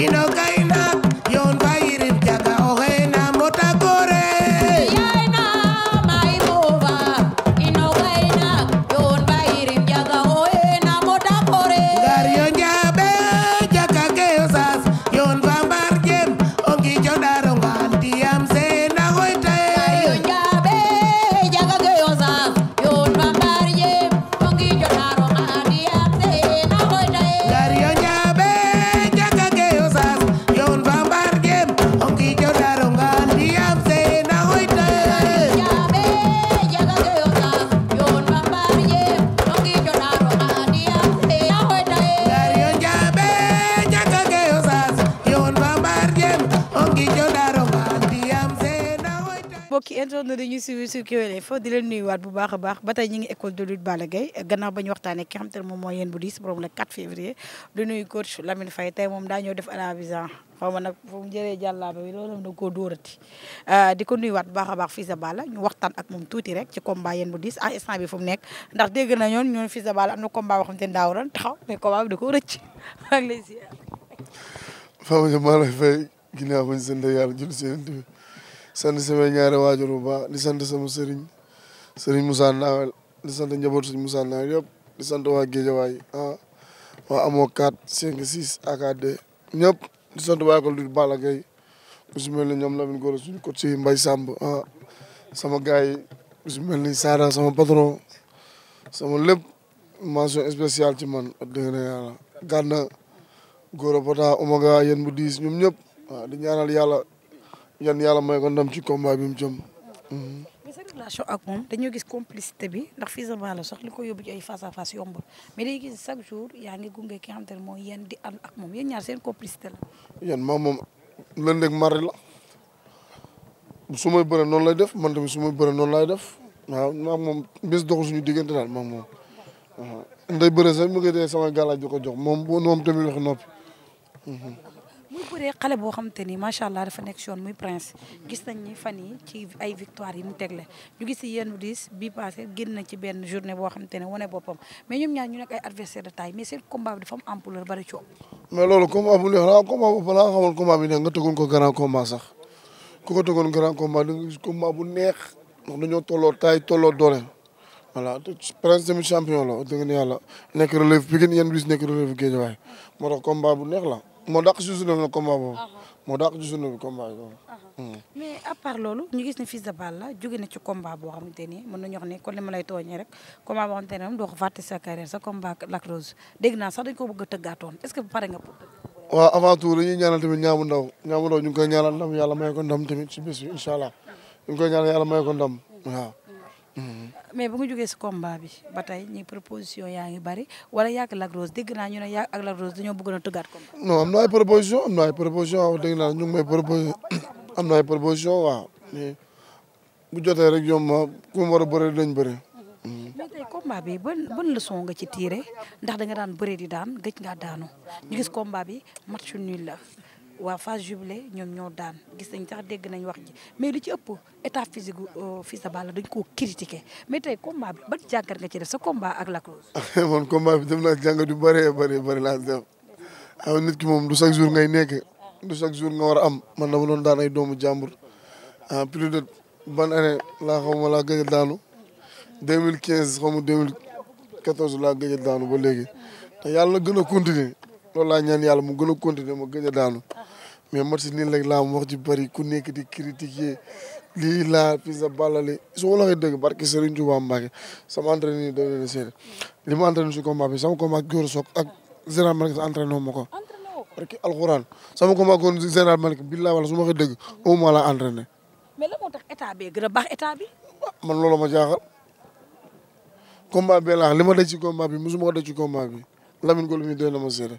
y no caí si sur Kewel Info di leen nuyuwaat bu baax a baax ba tey ñu ngi école de lutte Balla Gaye gannaaw ba ñu waxtaanee ki xam te ne moom mooy yéen bu diis borom le 4 février du nuyu coach Lamine Faye tey moom daa ñëw def arabisan xaw euh, bu baax a baax Fils ñu waxtaan ak moom tuuti rek ci combat yéen bu diis à ah, instant bi fu mu nekk ndax dégg na ñoon ñoon Fils de Balla am na combat ba xam te ne daa waroon taxaw mais combat bi da koo rëcc lay ziar. Fama sant samay ñaari waajur bu baax di sant sama sëriñ sëriñ Moussa Nawel di sant njaboot sëriñ Moussa Nawel yëpp di sant waa Géejawaay ah waa amoo 4 5 6 AKD ñëpp di sant waa école du Balla Gaye ku si mel ni ñoom Lamine Gora suñu si Mbaye Samb ah sama gars yi si mel ni Sara sama patron sama lépp mention spéciale ci man ak dëgg na yàlla gànna Gora Pata Omaga yéen bu diis ñoom ñëpp waaw ah, di ñaanal yàlla yan yàlla may kon ndam ci combat bi mu jëm. mais ak moom dañoo gis complicité bi ndax Fils de Balla sax li ko yóbbu ci ay face à face yombul mais day gis chaque jour yaa ngi gunge ki nga xam te ne mooy yéen di ànd ak moom yéen ñaar seen complicité la. yan maam moom lënd ak mari la su may bëre noonu lay def man tamit su noonu lay def waaw maam moom bés doxu suñu diggante daal maam moom. waaw nday bëre sax mu ngi dee sama gàllaaj di ko jox moom moom tamit wax noppi. bu dee xale boo xamante ni macha allah dafa nekk si yoon muy prince gis nañ ni fan yi ci ay victoire yi mu teg tegle ñu gis si yenn diis bii passé génn na ci benn journée boo xamante ne wane boppam mais ñoom ñaar ñu nekk ay adversaire de taille mais seen combat bi dafa am bari coow. mais neex la combat bu balaa nga xamoon combat bi neex nga tëggoon ko grand combat sax ku ko tëggoon grand combat da nga bu neex ndax dañoo tolloo tolloo doole voilà prince tamit champion la dëgg nga ne yàlla nekk relève Pikine yenn bis nekk relève Guédiawaye moo tax combat bu neex la. moo dàq si journée bi nag combat boobu. Ah moo dàq si journée bi combat boobu. Ah hmm. mais à part loolu ñu gis ne Fils de Balla jóge na ci combat boo xamante ni mën nañu wax ne kon li ma lay tooñee rek ko fàtte sa carrière sa combat ak Lac Rose dégg naa sax dañ ko bëgg a tëggaatoon est que pare nga pour. waaw avant tout dañuy ñaanal tamit ñaamu ndaw ñaamu ndaw ñu ngi koy ñaanal ndam yàlla may ko ndam tamit si bés bi incha allah ah ñu ngi koy ñaanal ko ndam Mm-hmm. mais bu nga jógee si combat bi ba tey ñu proposition yaa ngi bari wala yàgg Lac Rose dégg naa ñu ne yàgg ak Lac Rose dañoo a tëggaat combat. non am na ay proposition am na ay proposition wax dëgg naa ñu ngi may proposé am na ay ku mu war a bëri dañ bëri. Mm-hmm. mais tey combat ban ban leçon nga ci tiire ndax da nga daan bëri di daan gëj ngaa daanu ñu gis combat bi match la. waa phase jubilé ñoom ñoo daan gis nañ sax dégg nañ wax ji mais lu ci ëpp état physique euh, Fils de Balla dañ ko critiqué mais tey combat bi ban jàngat nga ci def sa combat ak jàngat yu bëree bëri bëri laa def xam nit ki moom du chaque jour ngay nekk du chaque jour nga war am man dama doon daan ay doomu jàmbur ah plus de ban année laa xaw ma laa gëj a daanu 2015 xaw ma 2014 laa gëj a daanu ba léegi te yàlla na gën a continuer loolu laa ñaan yàlla mu gën a continuer ma gëj a daanu. mais match si nii rek laa wax ji bëri ku nekk di critiquer lii laa Fils de Balla li su la waxee dëgg barke Serigne Touba Mbacke sama entraîneur yi doon na seede li ma entraîné si combat bi sama combat góor soog ak général Malick entraîné wu ma ma waxee a baax ah, ma jaaxal combat bee laax li ma daj ci combat bi mosuma ko daj ci combat bi Lamine Gol mi doy na ma seede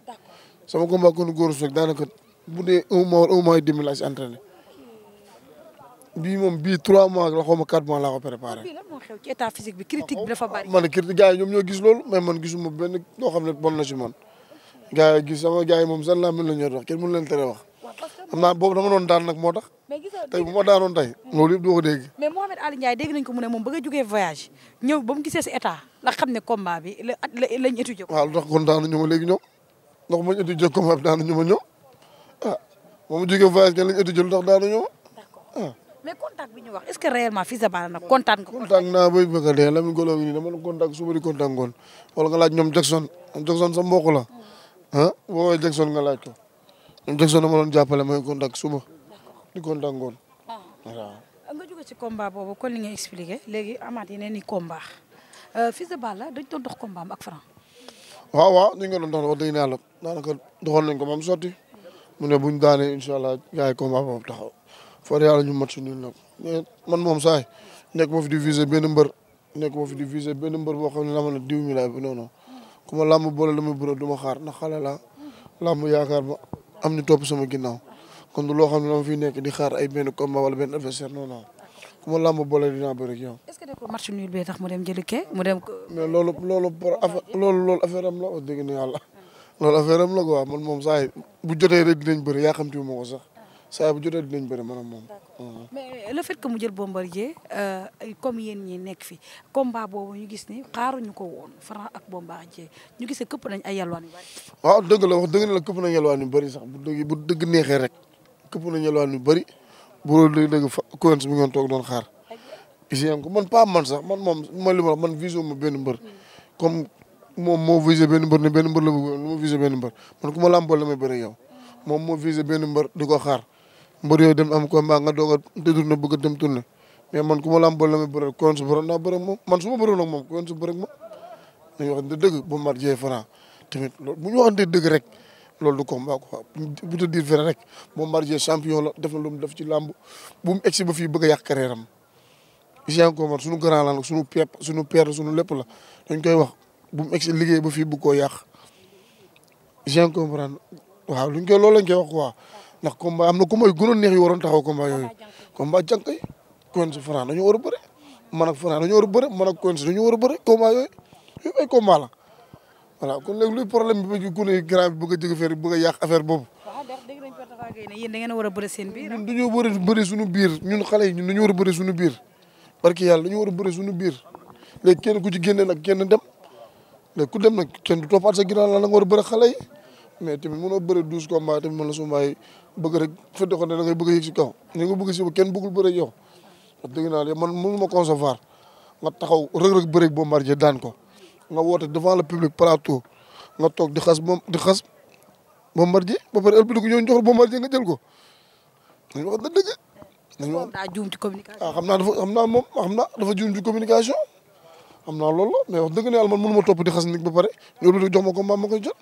sama combat kon góor soog daanaka. bu dee un mois un mois et demi laa si entraîné bii moom bii trois mois la xaw ma mois laa ko préparé. bi critique bi dafa bari. man critique ñoo gis loolu mais man gisuma benn loo xam ne bon na si man gars yi gis sama gars yi moom san laa mën la ñor wax kenn mënu leen tere wax. xam naa boobu dama doon daan moo tax. tey bu ma daanoon tey. Hmm. loolu yëpp du ko dégg. mais moom ba nga jógee voyage ñëw ba mu la xam ne combat bi la lañ étudié ko. waaw lu tax kon daanuñu ma léegi ñoom ndax bu ma étudié combat bi daanuñu ma ba mu jógee voyage ngeen lañ ëtt jël ndax daanu ñëw. d'accord ah. mais contact bi ñu wax est a que réellement Fils de nag contact nga. contact naa bay bëgg a dee Lamine Golo ngi nii dama doon contact su di contact ngoon wala nga laaj ñoom Jackson sa mbokk la ah boo woowee Jackson nga laaj ko ñoom Jackson dama doon jàppale may contact suba di contact ngoon a ah, nga jóge ci combat boobu kon li nga expliqué léegi amaat yeneen i combat euh, a de Balla dañ doon dox combat am ak Franc. waaw waaw ñu ngi doon dox wax dëgg yàlla daanaka nañ ko moom mu ne ñu daanee incha allah gars yi combat boobu taxaw far yàlla ñu mat suñu nag man moom saay nekk moo fi di viser benn mbër nekk moo fi di viser benn mbër boo xam ne la ma ne diw bi non non ma làmb boole la ma bëre du ma xaar ndax xale la làmb yaakaar ba am ñu topp sama ginnaaw kon du loo xam ne dama nekk di xaar ay benn combat wala benn adversaire non ma làmb boole dinaa bëre ak yow. est-ce que nekkul match nul bee tax mu dem jëli loolu loolu am la wax dëgg na yàlla. loolu affaire am la quoi man moom saa bu jotee rek dinañ bëri yàqamti wu ma ko sax saa bu jotee dinañ bëri man moom. mais euh, le fait que mu jël bombardier euh, comme yéen ñi nekk fi combat boobu ñu gis ni xaaruñu ko woon Franc ak bombardier ñu gis ne këpp nañ ay yalwaan yu bëri. waaw dëgg la wax dëgg na la këpp nañ yalwaan sax bu dëgg bu dëgg neexee rek këpp nañ yalwaan yu bëri bu loolu dëgg fa cointre bi ngeen toog doon xaar. gis ko man pas man sax man moom mooy ma wax man vision ma benn mbër hmm. moom moo vise benn mbër ne benn mbër la bëggoon lu ma visé benn mbër man ku la yow moom moo visé benn mbër di ko xaar mbër yooyu dem am combat nga dooga a détourné bëgg dem tourné mais man ku ma làmbool la may bëri kon su bëroon man su ma bëroon ak moom kon su bëri ak moom dañuy waxante dëgg ba mat jee Franc tamit loolu bu ñu waxante dëgg rek loolu du combat quoi bu te dire vrai rek Bombardier champion la def na lu mu def ci làmb bu mu egsi ba fii bëgg a yàq carrière am. Géant Komar suñu grand la suñu pepp suñu père suñu lépp la dañ koy wax bu mu egsi liggéey bu fii bu koo yàq je comprendre waaw luñ koy loolu lañ koy wax quoi ndax combat am na combat yu gënoon neex yu waroon taxaw combat yooyu combat jànk yi Quench Franc dañu war a bëre man ak Franc dañu war a bëre man ak Quench dañu war a bëre combat yooyu yëpp la voilà kon léegi luy problème bi ku ne grand bi bëgg a yàq affaire boobu yéen da ngeen war a bëri seen biir. ñun dañoo war a bëri suñu biir ñun xale yi ñun ñu war a bëri suñu biir barki yàlla ñu war a bëri suñu biir léegi kenn ku ci génne nag kenn dem léegi ku dem nag kenn du toppaat sa ginnaaw la nga war a bëri xale yi mais tamit mënoo bëri douze combats tamit mën la sumbaay bëgg rek fedde ko ne da ngay bëgg a yëg si kaw ni nga bëgg si kenn bëggul bëri ma concevoir nga taxaw rëg-rëg bëri Bombardier daan ko nga woote devant toog di moom di xas Bombardier ba pare ëlbi di ko ñëw jox Bombardier nga jël ko dañ wax na dëgg dañ wax daa juum ah xam naa dafa xam naa xam naa dafa juum ci communication am naa loolu la mais wax dëgg ne yàlla man mënu ma topp di xas nit ba pare ñëw lu jox ma ko ma ma koy jot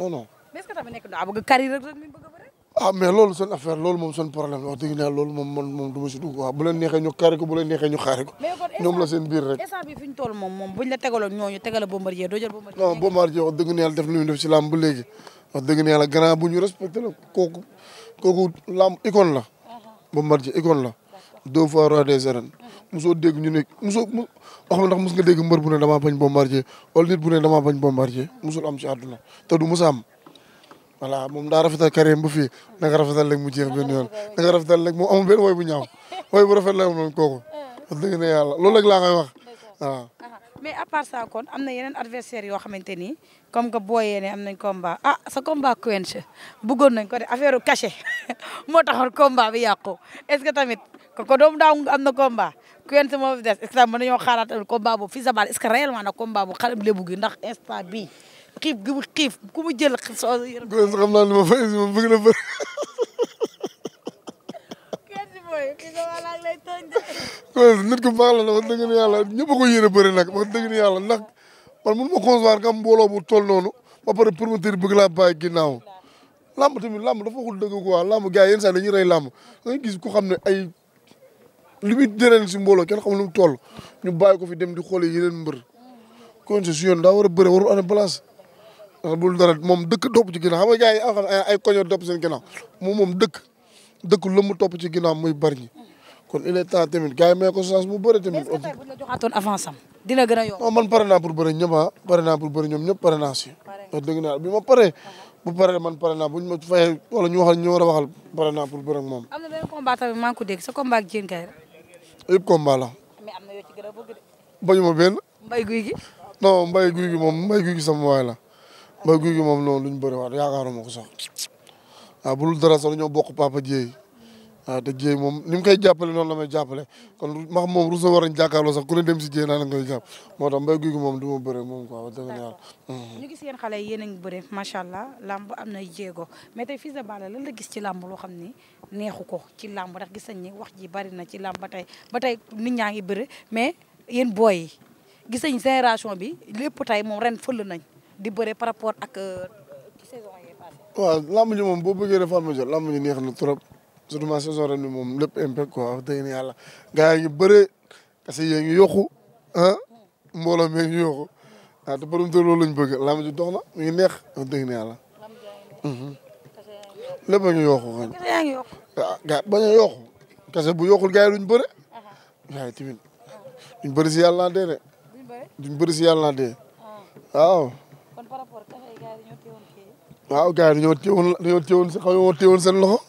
a bëri. ah mais loolu seen affaire loolu moom seen problème wax dëgg ne loolu moom man moom du ma si dugg waaw bu leen neexee ñu xaari ko bu leen neexee ñu xaari ko. ñoom la seen la tegaloon ñooñu tegal a Bombardier doo jël Bombardier. wax dëgg ne yàlla def ñu def si ko ba léegi wax dëgg ne la kooku kooku làmb la uh-huh. deux fois roi des arènes mosoo dégg ñu ne mosoo mu ndax mos nga dégg mbër bu ne damaa bañ bombardier wala nit bu ne damaa bañ bombardier mosul am si àdduna te du mos am moom daa rafetal carrière ba fii na nga rafetal rek mu jeex benn yoon na rafetal rek moom amul benn woy bu ñaaw woy bu rafet la moom kooku wax loolu rek laa koy wax waaw mais à part ça kon am na yeneen adversaire yoo xamante ni comme que booyee ne am nañ combat ah sa combat Quench bëggoon nañ ko de affaire cachet moo taxoon combat bi yàqu est ce que tamit ko doomu daaw am na combat Quench moo fi des est ce que tamit mën nañoo xaaraatal combat boobu fii sa baal est ce que réellement nag combat bu xalam lébu gi ndax instant bii xiif gi mu xiif ku mu jël xiif soo. Quench xam naa ne ma fay si moom bëgg na bëri. mooy ki ko ku baax la nag wax dëgg ni yàlla ñëpp a ko yéene bëri nag wax dëgg ni yàlla ndax man mun ma concevoir nga am bu toll noonu ba ginnaaw. làmb tamit làmb dafa waxul dëgg quoi làmb gars yi yenn saa dañuy rey làmb da xam ne ay li muy dérén si mbooloo kenn xamul lu mu toll ñu ko fi dem di xoole yeneen mbër. kon si su yoon daa a bëre warul ane moom dëkk topp ci ginnaaw xam nga gars yi ay ay koño topp moom moom dëkk. dëkk lu mu topp ci ginnaaw muy bari ñi kon il est temps tamit gars yi may ko chance bu bëri tamit. est-ce que tey bu ñu la joxaatoon avance am dina gën a yomb. man pare naa pour bëri ñëpp ah, ñoom pare naa si. bi ma paree. man pare naa bu ñu ma wala ñu waxal ñu war a waxal pare naa pour na benn combat tamit maa ngi ko dégg sa combat ak Diène Kaïré. yëpp combat am na yoo ci gën a bëgg de. bañu benn. mbay guy gi. non mbay guy gi moom mbay guy gi sama waay la mbay guy gi moom noonu luñ bëri waat yaakaaruma ko sax waaw bu dul dara sax ñoo bokk papa Dieye waaw noonu la may jàppale kon max moom ruus na war a jàkkaarloo sax ku ne dem si Dieye naa la koy jàpp moo tax guy gi moom du ma bëre moom quoi wax dëgg yàlla. ñu gis yéen xale yi a ngi bëre macha allah làmb am na jéego mais tey Fils la Balla la gis ci lamb loo xam ni neexu ko ci lamb ndax gis nañ ni wax ji bari na ci lamb ba tey ba tey nit ñaa ngi bëre mais yéen booy yi gis nañ génération bi lépp tey moom ren fël nañ di bëre par rapport ak euh, saison yi waaw làmb ji moom boo bëggee def armature neex na trop surtout ma saison ren bi moom lépp impact quoi wax dëgg yàlla gars yi ñu bëree parce que yéen ngi yokku ah mbooloo mi ngi yokku ah te borom te loolu lañ bëgg làmb ji dox na mi ngi neex wax dëgg yàlla. Mhm. lépp a ngi yokku na. yaa ah, bu yokkul gars yi duñ bëre. Mhm. duñ bëri yàlla dee waaw gars yi dañoo téewoon dañoo téewoon xaw ma téewoon seen loxo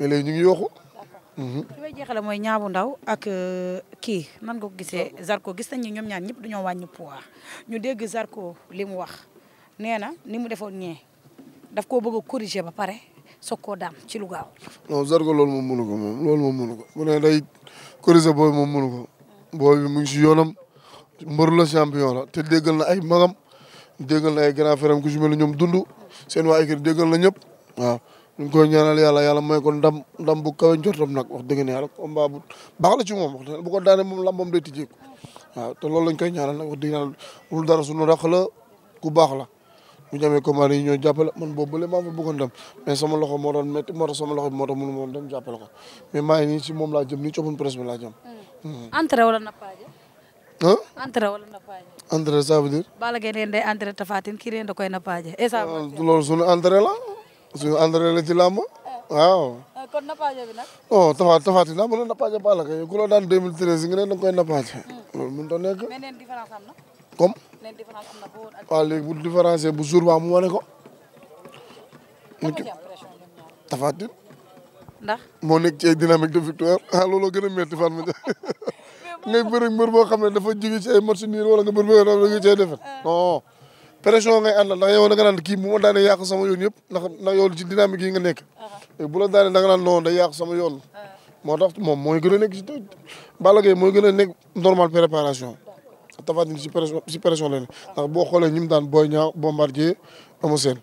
mais léegi ñu ngi yokku. li may jeexale mooy ñaabu ndaw ak euh, kii nan nga ko gisee Zarko gis nañ ni ñoom ñaan ñëpp dañoo wàññi poids ñu dégg Zarko li mu wax nee na ni mu defoon ñee daf ko bëgg a corriger ba pare soog koo daam ci lu gaaw. non Zarko loolu moom mënu ko moom loolu moom mënu ko bu ne day corriger boobu moom mënu ko. boobu mu si yoonam mbër la la te déggal na ay magam. déggal na ay grand frère am ku si mel ñoom dund seen waa équipe déggal na ñëpp waaw ñu koy ñaanal yàlla yàlla may ko ndam ndam bu kawe njortam nag wax dëgg ne yàlla combat baax la ci moom wax ko daane moom lambam day tijjeeku waaw te loolu lañ koy ñaanal nag wax dëgg yàlla lu dara suñu rax la ku baax la bu ñu amee combat yi ñoo jàppale man boobu bële maa fa bëggoon dem mais sama loxo moo doon métti moo tax sama loxo moo tax mënu ma dem jàppale ko mais maa nii si moom laa jëm nii coppun ah. entrain wala nappaaje. entrain ça veut dire. Balla euh, loolu suñu entrain la suñu entrain la ci waaw. Euh, kon nappaaje bi na oh, nappaaje Balla ku la daan 2013 nga ne da nga koy nappaaje. loolu mënut a nekk. comme. neen différence bu différencier bu jour ba mu wane moo nekk ci ay dynamique de victoire ah gën a métti fan. ngay bëri mbër boo xam ne dafa jóge ci ay match niir wala nga bëri boo xam ne nga cee defet ah. non pression ngay àndal ndax yow da nga naan kii bu ma daanee yàq sama yoon yëpp ndax ndax yow ci dynamique yi nga nekk ah. bu la daanee da nga naan non day yàq sama yoon ah. moo tax moom mooy gën a nekk ci Balla Gaye mooy gën a nekk normal préparation Tapha Tine ci pression ci pression la ne ndax boo xoolee ñi mu daan Boy Niang Bombardier Eumeu Sène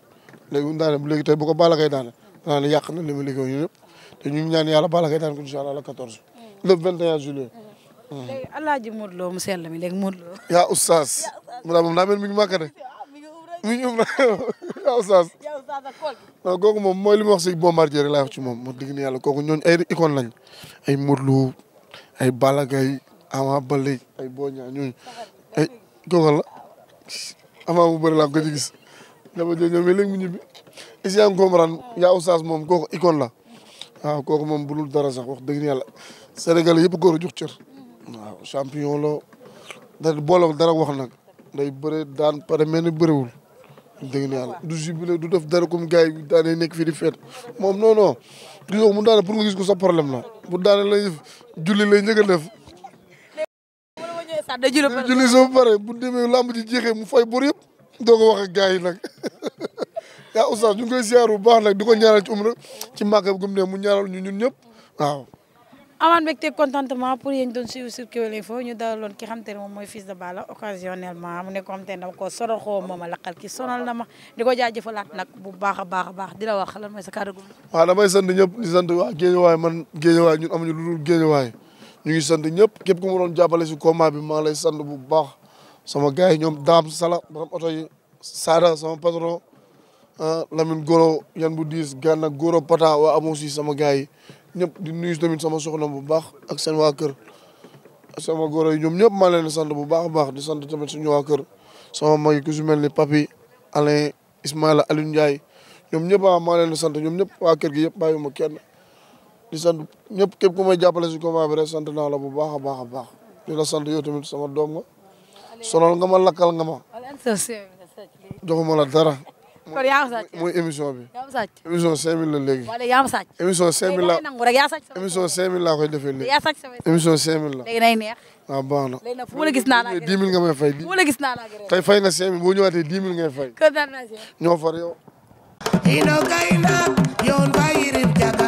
léegi mu daane bu léegi tey bu ko Balla Gaye daane daanaka yàq na li mu liggéey yëpp te ñu ngi ñaan yàlla Balla Gaye daan ko incha allah le 14 mm. le 21 juillet mm. léegi alaaji Modou Lo mu sell mi léegi Modou Lo. yaa oustaz. yaa moom daa mel mi ngi màkk de. mi ngi umra yaa oustaz. yaa oustaz ak kool. non kooku moom mooy li ma wax si bombardier rek laa wax ci moom moo digg ni kooku ñooñu ay icône lañ ay Modou Lo ay Balla Gaye Ama Baldé ay Boña ñooñu ay kooku la Ama bu moom bu dul dara wax dëgg ni yëpp champion la da booloo dara wax nag day bëre daan pare mel ni bëriwul dëgg na yàlla du jubile du def dara comme gars yi daanay nekk fii di feet moom non non gisoo mu daane pour nga ko sa problème bu daane lay julli lay njëkk a def julli soo pare bu demee la ji jeexee mu fay bor yëpp doo ko wax ak gars yi nag yaa oustaz ñu koy ziar bu baax nag di ko ñaanal ci umra ci màgg gum ne mu ñaanal ñu ñun ñëpp waaw amaan mbégte contentement pour yéen doon suivre sur Kewel Info ñu dalaloon ki xam te ne moom mooy Fils de Balla occasionnellement mu nekk ko xam te dama ko soroxoo ma ma ki sonal ma di ko jaajëfalaat nag bu baax a baax a baax di la wax lan mooy sa kàddu gu waaw damay sant ñëpp di sant waa Géejawaay man Géejawaay ñun amuñu lu dul Géejawaay ñëpp képp ku ma doon jàppale si combat bi maa ngi lay sant bu baax sama gars yi ñoom daam sala borom oto yi Sada sama patron ah, Lamine Goro yan bu diis gànna Goro Pata waa amoo si sama gars yi ñëpp di nuyu tamit sama soxna bu baax ak seen waa kër sama góor yi ñoom ñëpp maa leen di sant bu baax a baax di sant tamit suñu waa kër sama mag yi ku si mel ni papi Alain Ismaïla Aliou Ndiaye ñoom ñëpp ah maa leen di sant ñoom ñëpp waa kër gi yëpp bàyyiwuma kenn di sant ñëpp képp ku may jàppale si combat bi rek sant naa la bu baax a baax a baax di la sant yow tamit sama doom nga sonal nga ma lakkal nga ma joxuma la dara kon yaa ma mooy émission bi. yaa ma sàcc émission 5000 la léegi. wala yaa ma sàcc. émission 5000 la émission 5000 laa koy defee léegi. yaa sàcc sama la. léegi nay neex. waaw ah, baax na léegi nag fu ma la gis naa la gërëm 10 000 nga may fay. fu ma la gis naa la gërëm tey fay nga 5000 boo ñëwaatee 10 000 ngay fay. ñoo far